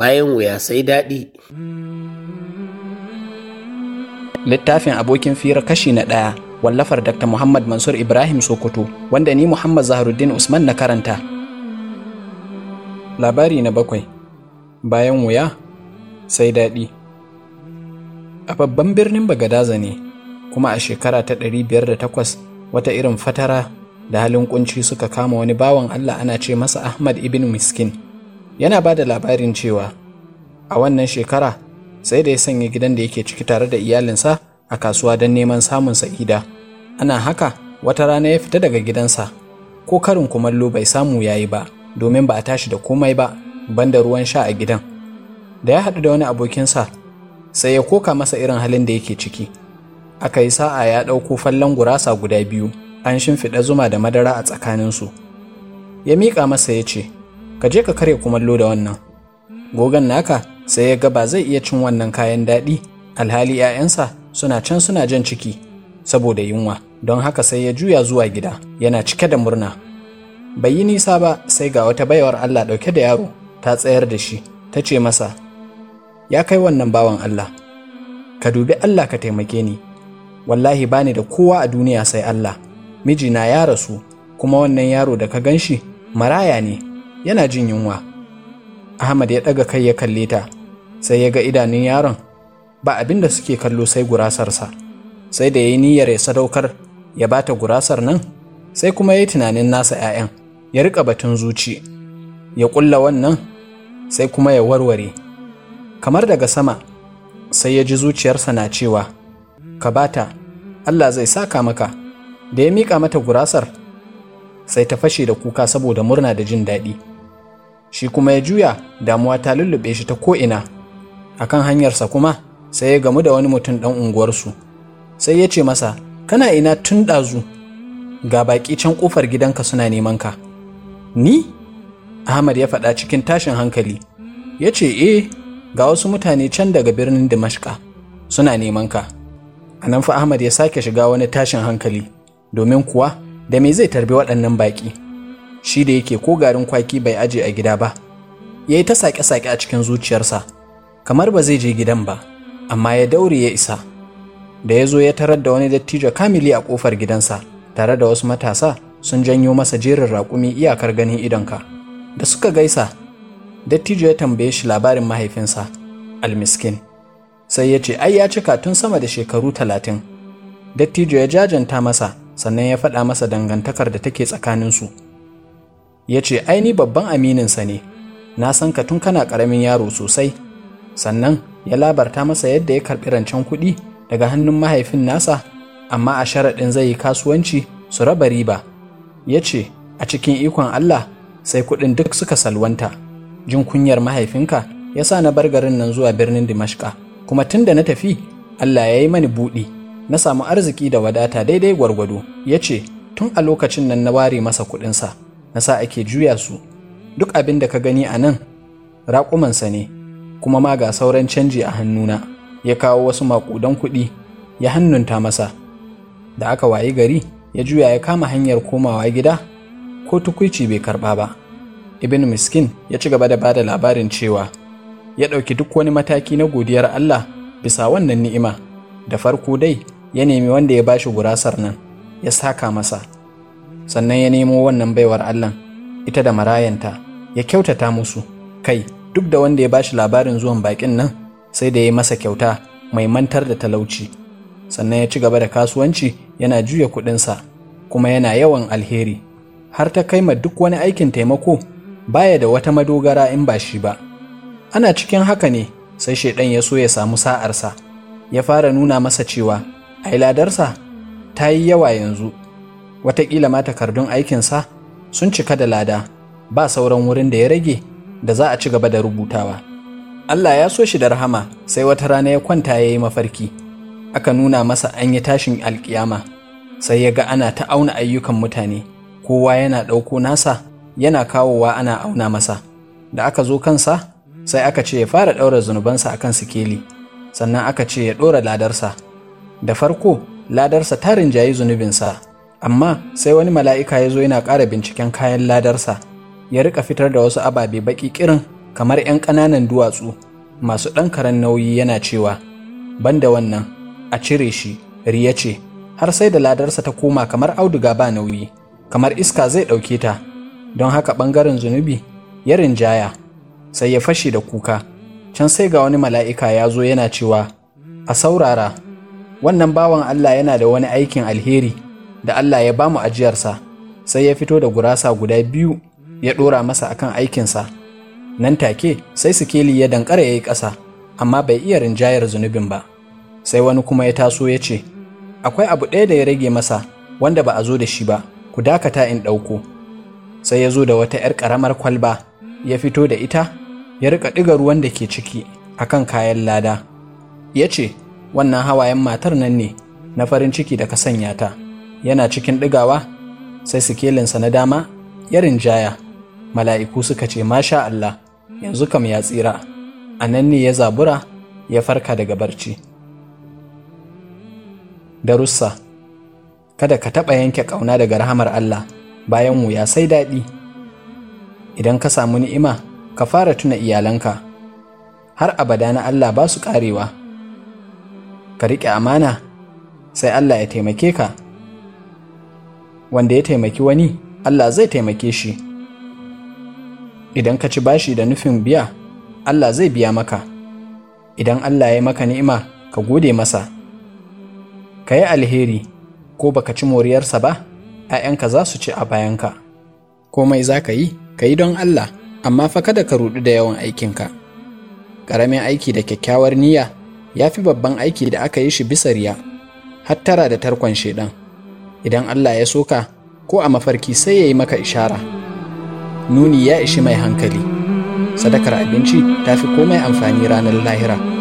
bayan wuya sai daɗi. Littafin abokin fira kashi na ɗaya wallafar Dr. Muhammad Mansur Ibrahim Sokoto wanda ni Muhammad Zaharuddin Usman na karanta. Labari na bakwai bayan wuya sai daɗi. A babban birnin Bagadaza ne kuma a shekara ta ɗari biyar da takwas, wata irin fatara da halin kunci suka kama wani bawan Allah ana ce masa Ahmad ibn Miskin. yana ba da labarin cewa a wannan shekara sai da ya sanya gidan da yake ciki tare da iyalinsa a kasuwa don neman samun sa'ida ana haka wata rana ya fita daga gidansa ko karin kumallo bai samu ya yi ba domin ba a tashi da komai ba banda ruwan sha a gidan da ya haɗu da wani abokinsa sai ya koka masa irin halin da yake ciki aka yi sa'a ya ɗauko fallon gurasa guda biyu an shimfiɗa zuma da madara a tsakaninsu ya miƙa masa ya ce ka je ka karya kumallo da wannan gogan naka sai ya ga ba zai iya cin wannan kayan daɗi alhali 'ya'yansa suna can suna jan ciki saboda yunwa don haka sai ya juya zuwa gida yana cike da murna bai yi nisa ba sai ga wata baiwar allah ɗauke da yaro ta tsayar da shi ta ce masa ya kai wannan bawan allah ka dubi allah ka taimake ni wallahi bani da kowa a duniya sai allah mijina ya rasu kuma wannan yaro da ka gan shi maraya ne yana jin yunwa ahmad ya ɗaga kai ya kalle ta sai ya ga idanun yaron ba abin da suke kallo sai gurasarsa sai da ya yi niyyar ya sadaukar ya ba ta gurasar nan sai kuma ya yi tunanin nasa 'ya'yan ya riƙa batun zuci ya ƙulla wannan sai kuma ya warware kamar daga sama sai ya ji zuciyarsa na cewa ka bata allah zai saka maka da ya miƙa mata gurasar sai ta fashe da kuka saboda murna da jin daɗi shi kuma ya juya damuwa ta lullube shi ta ko'ina a kan hanyarsa kuma sai ya gamu da wani mutum ɗan unguwarsu sai ya ce masa kana ina tun ɗazu ga baƙi can ƙofar gidanka suna neman ka ni ahmad ya faɗa cikin tashin hankali ya ce e, ga wasu mutane can daga birnin dimashka suna neman ka a nan fa ahmad ya sake shiga wani tashin hankali domin kuwa da me zai tarbi waɗannan baƙi shi da yake ko garin kwaki bai aje a gida ba ya yi ta saƙe-saƙe a cikin zuciyarsa kamar ba zai je gidan ba amma ya daure ya isa da ya zo ya tarar da wani dattijo kamili a ƙofar gidansa tare da wasu matasa sun janyo masa jerin raƙumi iyakar ganin idonka da suka gaisa dattijo ya tambaye shi labarin mahaifinsa almiskin sai ya ce ai ya cika tun sama da shekaru talatin dattijo ya jajanta masa sannan ya faɗa masa dangantakar da take tsakaninsu ya ce aini babban amininsa ne na san ka tun kana karamin yaro sosai sannan ya labarta masa yadda ya karɓi rancen kuɗi daga hannun mahaifin nasa amma a sharaɗin zai yi kasuwanci su raba riba ya ce a cikin ikon Allah sai kuɗin duk suka salwanta jin kunyar mahaifinka ya sa na bar garin nan zuwa birnin Dimashka kuma tun da na tafi Allah ya yi mani buɗi na samu arziki da wadata daidai gwargwado ya ce tun a lokacin nan na ware masa kuɗinsa na sa ake juya su duk abin da ka gani a nan raƙumansa ne kuma ma ga sauran canji a hannuna ya kawo wasu maƙudan kuɗi ya hannunta masa da aka wayi gari ya juya ya kama hanyar komawa gida ko tukuici bai karɓa ba ibn miskin ya ci gaba da ba da labarin cewa ya ɗauki duk wani mataki na godiyar allah bisa wannan ni'ima da farko dai ya nemi wanda ya bashi gurasar nan ya saka masa sannan ya nemo wannan baiwar allah ita da marayanta ya kyautata musu kai duk da wanda ya ba shi labarin zuwan bakin nan sai da ya masa kyauta mai mantar da talauci sannan ya ci gaba da kasuwanci yana juya kuɗinsa kuma yana yawan alheri har ta kai ma duk wani aikin taimako baya da wata madogara in ba shi ba ana cikin haka ne sai shaidan ya so ya samu sa'arsa ya fara nuna masa cewa ai ladarsa ta yi yawa yanzu watakila ma takardun aikinsa sun cika da lada ba sauran wurin da ya rage da za a ci gaba da rubutawa Allah ya so shi da rahama sai wata rana ya kwanta ya yi mafarki aka nuna masa an yi tashin alkiyama sai ya ga ana ta auna ayyukan mutane kowa yana ɗauko nasa yana kawowa ana auna masa da aka zo kansa sai aka ce ya fara ɗaura zunubansa a kan sikeli sannan aka ce ya ɗora ladarsa da farko ladarsa ta rinjayi zunubinsa amma sai wani mala'ika ya zo yana ƙara binciken kayan ladarsa ya rika fitar da wasu ababe baƙi ƙirin kamar 'yan ƙananan duwatsu masu ɗan karen nauyi yana cewa "Ban da wannan a cire shi riya ce har sai da ladarsa ta koma kamar auduga ba nauyi kamar iska zai ɗauke ta don haka ɓangaren zunubi ya rinjaya sai ya fashe da kuka can sai ga wani mala'ika ya zo yana cewa a saurara wannan bawan Allah yana da wani aikin alheri da Allah ya bamu ajiyarsa sai ya fito da gurasa guda biyu ya ɗora masa akan aikinsa nan take sai sikeli ya dankara ya yi ƙasa amma bai iya rinjayar zunubin ba sai wani kuma ya taso ya ce akwai abu ɗaya da ya rage masa wanda ba a zo da shi ba ku dakata in ɗauko sai ya zo da wata 'yar ƙaramar kwalba ya fito da ita ya rika ɗiga ruwan da ke ciki akan kayan lada ya ce wannan hawayen matar nan ne na farin ciki da ka sanya ta yana cikin ɗigawa sai sikelinsa na dama ya rinjaya mala'iku suka ce masha Allah yanzu kam ya tsira a nan ne ya zabura ya farka daga barci darussa kada ka taɓa yanke ƙauna daga rahamar Allah bayan wuya sai daɗi idan ka samu ni'ima ka fara tuna iyalanka har abada na Allah ba su ƙarewa ka riƙe amana sai Allah ya taimake ka wanda ya taimaki wani Allah zai taimake shi idan ka ci bashi da nufin biya Allah zai biya maka idan Allah ya maka ni'ima ka gode masa ka yi alheri ko baka ci moriyarsa ba 'ya'yanka za su ci a bayanka komai za ka yi ka yi don Allah amma fa kada ka rudu da yawan aikinka ƙaramin aiki da kyakkyawar niyya ya fi babban aiki da aka yi shi bisa riya hattara da tarkon shaidan idan Allah ya soka ko a mafarki sai ya yi maka ishara nuni ya ishi mai hankali sadakar abinci ta fi komai amfani ranar lahira